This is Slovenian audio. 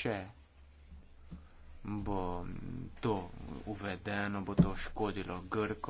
če bo to uvedeno, bo to škodilo Grko.